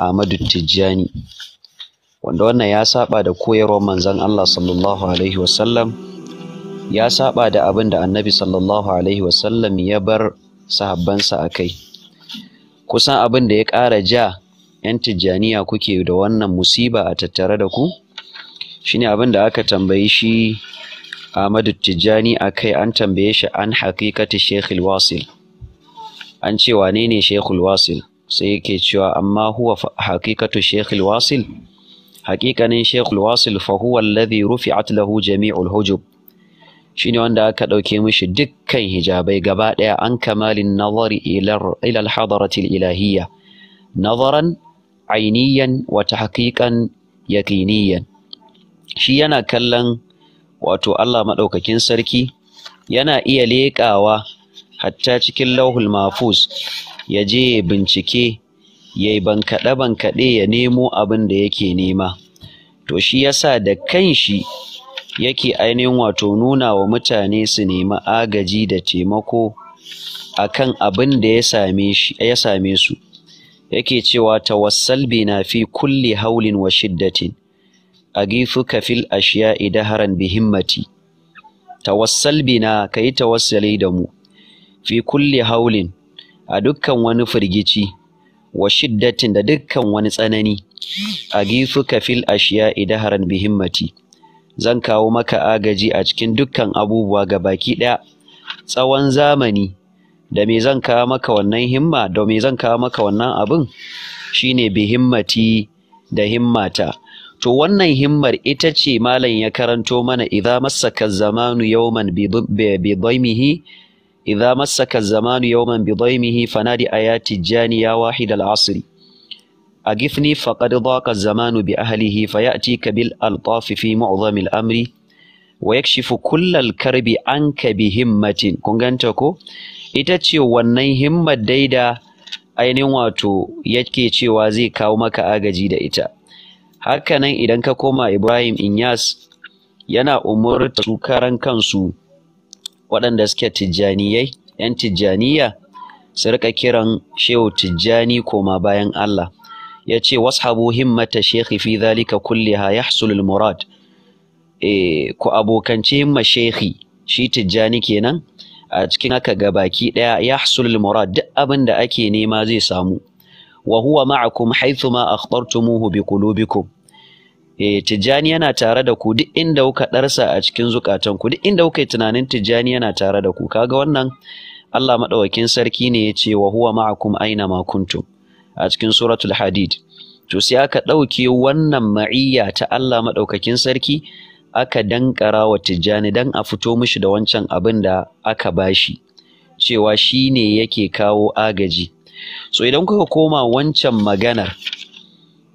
Ahmadu Tijjani wanda wannan ya saba da koyarwar manzon Allah sallallahu alaihi wasallam ya saba da abin da annabi sallallahu alaihi wasallam ya bar sahabbansa a kai kusan abin da ya ƙara ja 'yan tijjaniya kuke da wannan musiba a tattare da ku shine abin da aka tambayi shi Ahmadu Tijjani a kai an tambaye shi an haƙiƙati Sheikhul Wasil an ce wane ne Sheikhul Wasil sai yake cewa amma huwa haqiqatu shaykh al-wasil haqiqanin shaykh al fa huwa alladhi rufi'at lahu jami'ul hujub shine wanda aka dauke mishi dukkan hijabai gaba daya an kamalin nazari ila ila al ilahiyya nazaran ainiyan wa tahqiqan yaqiniyan shi yana kallon wato Allah madaukakin sarki yana iya leƙawa hatta cikin lauhul mafuz ya je ya bincike ya yi bankaɗe bankaɗe ya nemo abin da yake nema to shi yasa da kanshi yake ainihin wato nuna wa mutane su nemi agaji da taimako a kan abin da ya same su yake cewa tawassal na fi kulle haulin wa shiddatin a agifuka fil ashiya'i daharan bi himmati tawassal bina kayi tawassali da mu fi kulle haulin a dukkan wani firgici wa shiddatin da dukkan wani tsanani a gifuka fil ashiya idaharan bihimmati zan kawo maka agaji a cikin dukkan abubuwa ga baki ɗaya tsawon zamani da me zan kawo maka wannan himma da me zan kawo maka wannan abin shine bihimmati da himmata to wannan himmar ita ce malam ya karanto mana idza massaka zamanu yawman bi idza massaka zamanu yawman bi dhaymihi fanadi ayati jani ya wahid al asri agifni faqad dhaqa zamanu bi ahlihi fayatika bil altaf fi mu'dham al amri wa yakshifu kullal karbi anka bi himmatin kun ko ita ce wannan himmar daida ainihin wato yake cewa zai kawo maka agaji da ita hakanan idan ka koma Ibrahim Inyas yana umurta su karan kansu waɗanda suke tijjaniyai yan tijjaniya su rika kiran shehu tijjani koma bayan Allah ya ce washabu himmata shekhi fi zalika ya yahsulul murad e, ku abokance himma shekhi shi tijjani kenan a cikin haka ga baki ya yahsulul murad duk abin da ake nema zai samu wa huwa ma'akum haythu ma akhbartumuhu biqulubikum eh tijjani yana tare da ku duk inda kuka ɗarsa a cikin zukatan ku duk inda kuka yi tunanin tijjani yana tare da ku kaga wannan Allah maɗaukakin sarki ne ya ce wa huwa ma'akum aina ma kuntum a cikin suratul hadid to sai aka ɗauke wannan ma'iyya ta Allah maɗaukakin sarki aka dankara wa tijjani dan a fito mishi da wancan abin da aka bashi cewa shi ne yake kawo agaji so idan kuka koma wancan maganar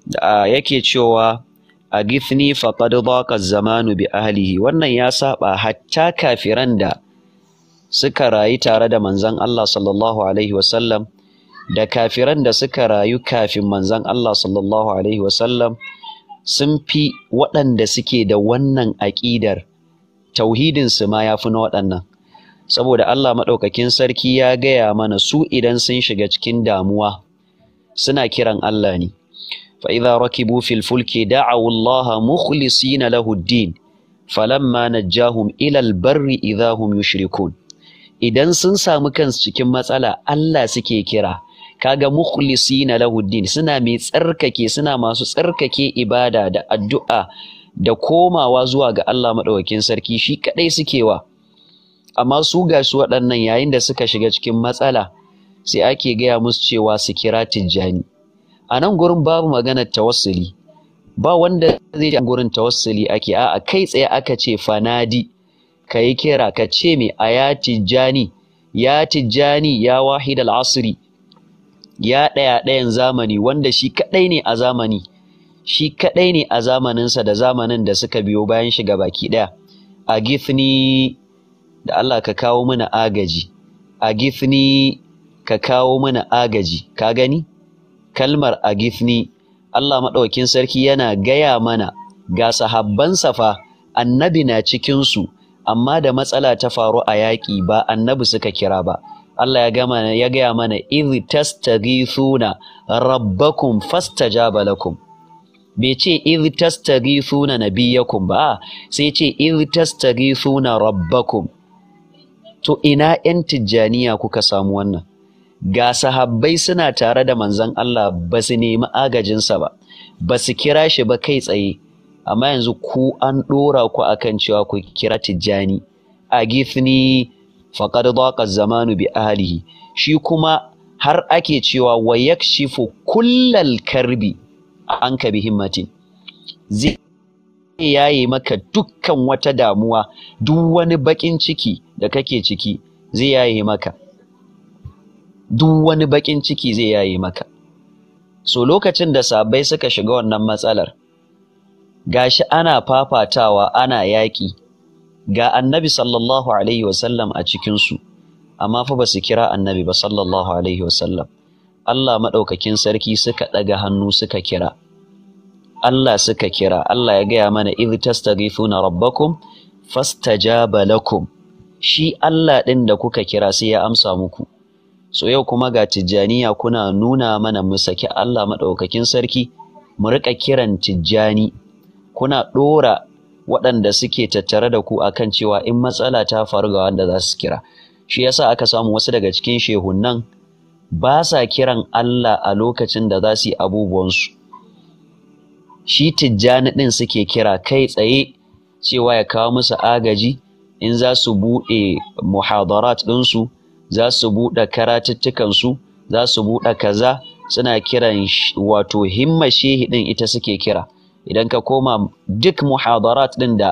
da yake cewa agithni faqad daqa zamanu bi ahlihi wannan ya saɓa. hatta kafiran da suka rayu tare da manzon Allah sallallahu alaihi wasallam da kafiran da suka rayu kafin manzon Allah sallallahu alaihi wasallam sun fi waɗanda suke da wannan aƙidar tauhidin su ma yafi na waɗannan saboda Allah maɗaukakin sarki ya gaya mana su idan sun shiga cikin damuwa suna kiran Allah ne فإذا ركبوا في الفلك دعوا الله مخلصين له الدين فلما نجاهم إلى البر إذا هم يشركون idan sun samu kan cikin matsala Allah suke kira kaga mukhlisina lahu suna mai tsarkake suna masu tsarkake ibada da addu'a da komawa zuwa ga Allah madaukakin sarki shi kadai suke wa amma su ga su waɗannan yayin da suka shiga cikin matsala sai ake gaya musu cewa su kira tijjani a nan gurin babu maganar tawassuli ba wanda zai ji gurin tawassuli ake A kai tsaye aka ce fanadi ka yi kira ka ce mai a ya tijjani ya tijjani ya wahid al'asiri ya ɗaya ɗayan zamani wanda shi kaɗai ne a zamani shi kaɗai ne a zamaninsa da zamanin da suka biyo bayan shiga baki ɗaya a gifni da Allah ka kawo mana agaji a gifni ka kawo mana agaji ka gani kalmar gifni Allah maɗaukin sarki yana gaya mana ga sahabban safa, annabi na cikinsu amma da matsala ta faru a yaƙi ba annabi suka kira ba Allah ya gama ya gaya mana idh tastaghithuna rabbakum fastajaba lakum bai ce idh tastaghithuna nabiyakum ba sai ce idh tastaghithuna rabbakum to ina 'yan tijjaniya kuka samu wannan ga sahabbai suna tare da manzon Allah ba su nemi agajinsa ba ba su kira shi ba kai tsaye amma yanzu ku an ɗora ku akan cewa ku kira tijjani a gifni faƙar zamanu bi ahalihi shi kuma har ake cewa wa yakshifu kullal karbi an ka bi himmatin zai yaye maka dukkan wata damuwa duk wani bakin ciki da kake ciki zai yaye maka duk wani baƙin ciki zai yayi maka so lokacin da sabai suka shiga wannan matsalar gashi ana fafatawa ana yaƙi ga annabi sallallahu alaihi wasallam a cikinsu amma fa ba su kira annabi ba sallallahu alaihi wasallam Allah maɗaukakin sarki suka ɗaga hannu suka kira Allah suka kira Allah ya gaya mana idh tastaghifuna rabbakum fastajaba lakum shi Allah ɗin da kuka kira sai ya amsa muku so yau kuma ga tijjaniya kuna nuna mana mu saki Allah maɗaukakin sarki mu riƙa kiran tijjani kuna ɗora waɗanda suke tattare da ku akan cewa in matsala ta faru ga wanda za su kira shi yasa aka samu wasu daga cikin shehunnan ba sa kiran Allah a lokacin da za su yi abubuwansu shi tijjani ɗin suke kira kai tsaye cewa ya kawo musu agaji in za su buɗe muhadarat ɗinsu za su buɗe karatuttukansu za su buɗe kaza suna kiran wato himma shehi ɗin ita suke kira idan ka koma duk muhadarat ɗin da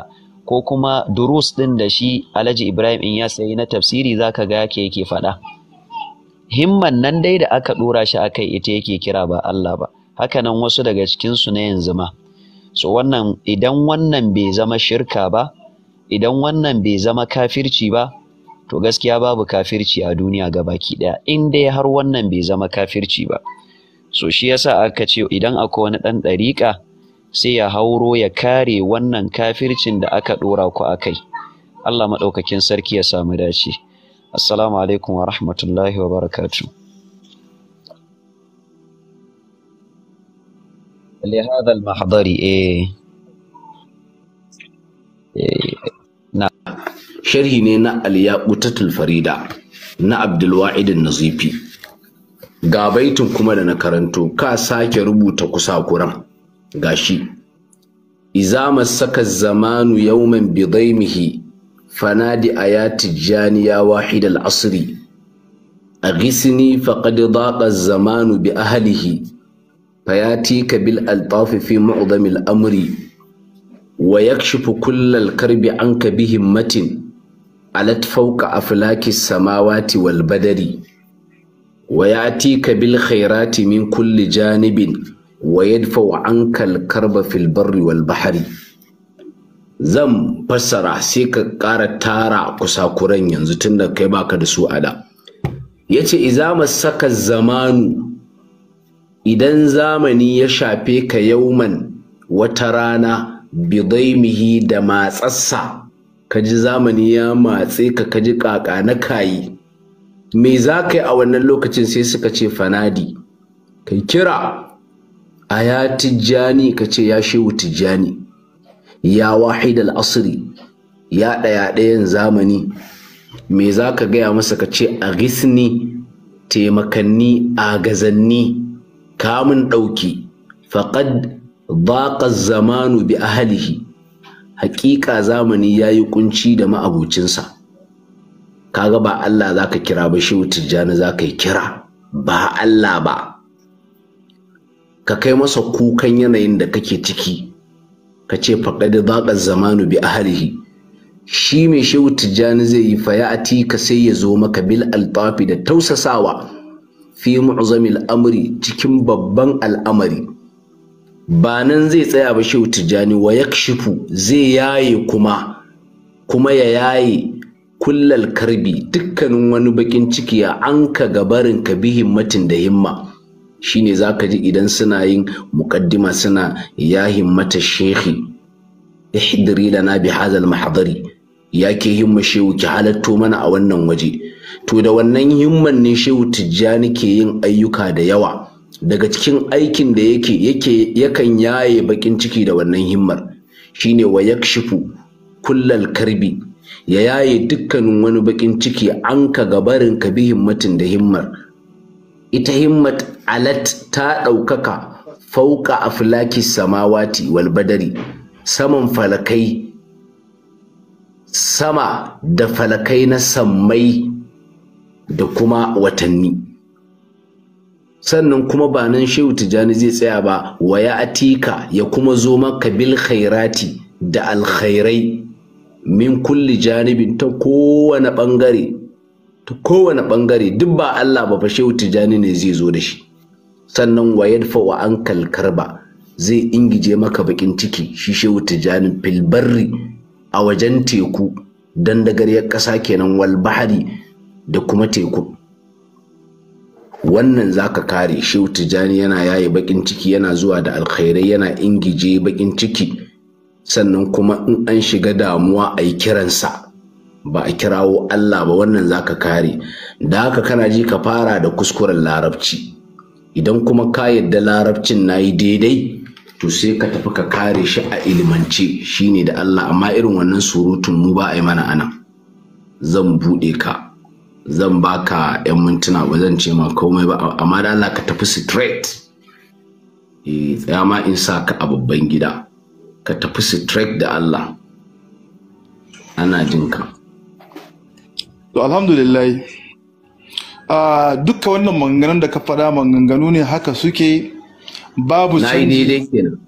ko kuma durus ɗin da shi alhaji ibrahim in ya sayi na tafsiri za ka ga yake yake faɗa himman nan dai da aka ɗora shi a kai ita yake kira ba allah ba haka nan wasu daga cikinsu na yanzu ma so wannan idan wannan bai zama shirka ba idan wannan bai zama kafirci ba to gaskiya babu kafirci a duniya ga baki ɗaya in dai har wannan bai zama kafirci ba so shi yasa aka ce idan akwai wani ɗan ɗariƙa sai ya hauro ya kare wannan kafircin da aka ɗora ku a kai Allah maɗaukakin sarki ya samu dace assalamu alaikum wa rahmatullahi wa barakatu sharhi ne na al-yaqutatul farida na abdulwa'id nazifi ga baitin kuma da na karanto ka sake rubuta kusa kuran? gashi iza saka zamanu yawman bidaimihi fanadi ayati janiya wahid al-asri aghisni faqad daqa zamanu bi ahlihi fayatika bil altafi fi mu'dami al-amri karbi كل bi عنك matin? alat fauka aflaki samawati wal badari wa yatika bil khairati min kulli janibin wa yadfa'u anka al karba fil barri wal bahri zan fassara sai ka ƙara tara kusakuran yanzu tunda kai baka da su ada yace iza saka zamanu idan zamani ya shafe ka yauman wata rana bidaimihi da matsassa ka ji zamani ya matse ka ka ji kaka na kayi me za ka yi a wannan lokacin sai suka ce fanadi kai kira a ya tijjani ka ce ya shehu tijjani ya wahid al'asiri ya ɗaya ɗayan zamani me za ka gaya masa ka ce a gisni taimakanni a gazanni kamun ɗauki faƙad baƙa zamanu bi ahalihi haƙiƙa zamani ya yi kunci da ma'abucinsa kaga ba Allah za ka kira ba shehu tijjani za ka yi kira ba Allah ba ka kai masa kukan yanayin da kake ciki ka ce faɗaɗe zaƙar zamanu bi ahalihi shi mai shehu tijjani zai yi fayati ka sai ya zo maka bil altafi da tausasawa fi mu'zamil amri cikin babban al'amari ba nan zai tsaya ba shehu tijjani wa yakshifu zai yaye kuma kuma ya yaye kullal karbi dukkanin wani bakin ciki ya anka gabarin ka bi himmatin da himma shine zaka ji idan suna yin muqaddima suna ya himmata shehi ihdiri lana bi hadal mahdari ke himma shehu ki halatto mana a wannan waje to da wannan himman ne shehu tijjani ke yin ayyuka da yawa daga cikin aikin da yake yake yakan yaye bakin ciki da wannan himmar shine wa yakshifu kullal karbi ya yaye dukkanin wani bakin ciki an ka gabarin ka bi himmatin da himmar ita himmat alat ta ɗaukaka fauka aflaki samawati wal badari saman falakai sama da falakai na sammai da kuma watanni sannan kuma ba nan shehu tijjani zai tsaya ba wa ya atika ya kuma zo maka bil khairati da alkhairai min kulli janibin ta kowane bangare ta kowane bangare duk ba Allah ba fa shehu tijjani ne zai zo da shi sannan wa yadfa wa ankal karba zai ingije maka bakin ciki shi shehu tijjani fil barri a wajen teku ya kasa kenan wal bahari da kuma teku wannan zaka kare shi tijjani yana yaye bakin ciki yana zuwa da alkhairai yana ingije bakin ciki sannan kuma in an shiga damuwa a yi kiransa ba a kirawo Allah ba wannan zaka kare da haka kana ji ka fara da kuskuren larabci idan kuma ka yadda larabcin na yi daidai to sai ka tafi ka kare shi a ilimance shine da Allah amma irin wannan surutun mu ba a yi mana anan zan buɗe ka zan baka yan mintuna ba zan ce ma komai ba amma da Allah ka tafi straight e tsaya ma in sa ka a babban gida ka tafi straight da Allah ana jinka to alhamdulillah Uh, ah, dukka wannan maganganun da ka faɗa maganganu ne haka suke babu canji. daidai kenan.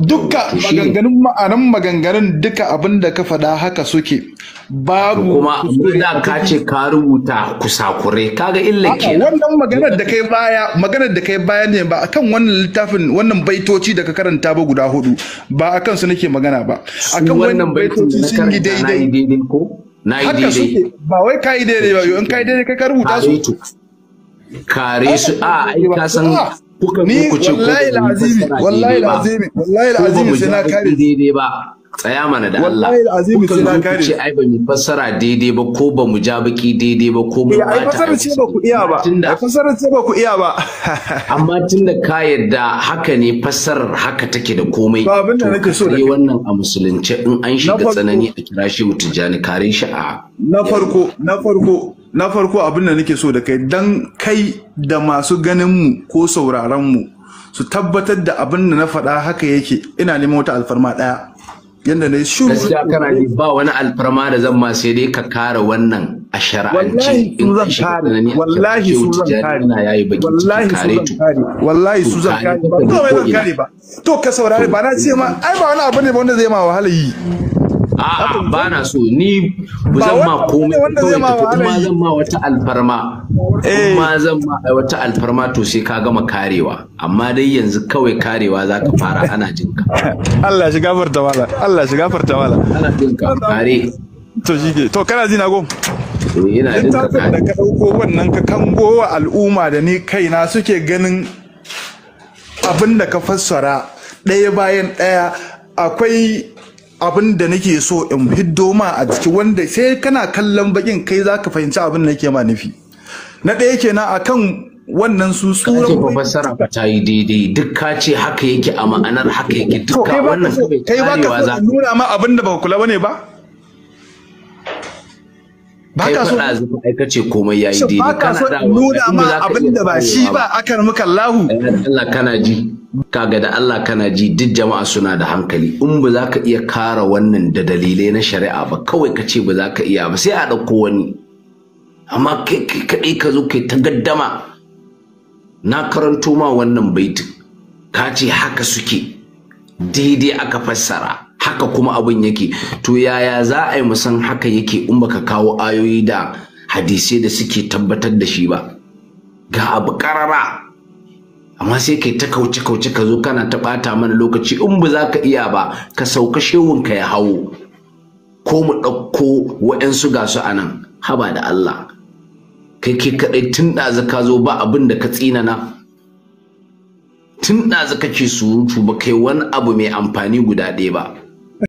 duka maganganun ma'anan maganganun duka abin da ka faɗa haka suke babu kuma da ka ce ka rubuta kusakure kaga illa ke wannan maganar da kai baya maganar da kai baya ne ba akan wannan littafin wannan baitoci da ka karanta ba guda hudu ba akan su nake magana ba akan wannan baitoci sun yi daidai na yi daidai ba wai ka yi daidai ba in ka yi daidai ka rubuta su kare su a ai ka san kuka ni wallahi alazimi wallahi alazimi wallahi alazimi sai na kare daidai ba tsaya mana da Allah wallahi alazimi sai na kare ce ai ba mu fassara daidai ba ko ba mu ja baki daidai ba ko mu eh, ai fassara ce ba ku iya ba ai fassara ce ba ku iya ba amma tunda ka haka ne fassarar haka take da komai ba abin da nake so da wannan a musulunce in an shiga tsanani a kira shi mutujani kare shi a na farko na farko na farko abin da nake so da kai dan kai da masu ganin mu ko sauraron mu su tabbatar da abin da na faɗa haka yake ina neman wata alfarma ɗaya yanda na shuru gaskiya kana ji ba wani alfarma da zan ma sai dai ka kare wannan a shari'anci in zan kare wallahi su zan kare wallahi su zan kare wallahi su zan kare to mai zan kare ba to ka saurare ba na ce ma ai ba wani abu ne ba wanda zai ma wahala yi a'a ba na so ni zan ma komai kawai kuma zan ma wata alfarma eh. kuma zan ma wata alfarma to sai ka gama karewa amma dai yanzu kawai karewa za ka fara ana jin ka Allah shi gafarta mala Allah shi gafarta mala ana jin ka kare to shige to kana ji na gom eh ina jin ka kare da ka dauko wannan ka kango wa al'umma da ni kaina suke ganin abin da ka fassara ɗaya bayan ɗaya akwai abin da nake so in hiddo ma a jiki wanda sai kana kallon bakin kai zaka fahimci abin da nake ma nufi na ɗaya kenan akan wannan su tsuran ba fassara ba ta yi daidai duk ka ce haka yake a ma'anar haka yake duk wannan kai ba ka nuna ma abin da ba kula bane ba ba ka aika ce komai yayi dai ba so nuna ma abin da ba shi ba akar muka Allahu eh, Allah kana ji kaga da Allah kana ji duk jama'a suna da hankali in ba za ka iya kara wannan da dalilai na shari'a ba kawai ka ce ba za ka iya ba sai a ɗauko wani amma kai kaɗai ka zo kai ta gaddama na karanto ma wannan baitin ka ce haka suke daidai aka fassara haka kuma abin yake to yaya za a yi mu san haka yake in baka kawo ayoyi da hadisai da suke tabbatar da shi ba ga abu karara amma sai kai ta kauce kauce ka zo kana ta bata mana lokaci in ba za ka iya ba ka sauka ka ya hawo ko mu ɗauko wa'yansu ga su anan, haba da Allah kai ke kaɗai tun ɗazu ka zo ba abin da ka tsinana tun ɗazu kake surutu ba kai wani abu mai amfani guda ɗaya ba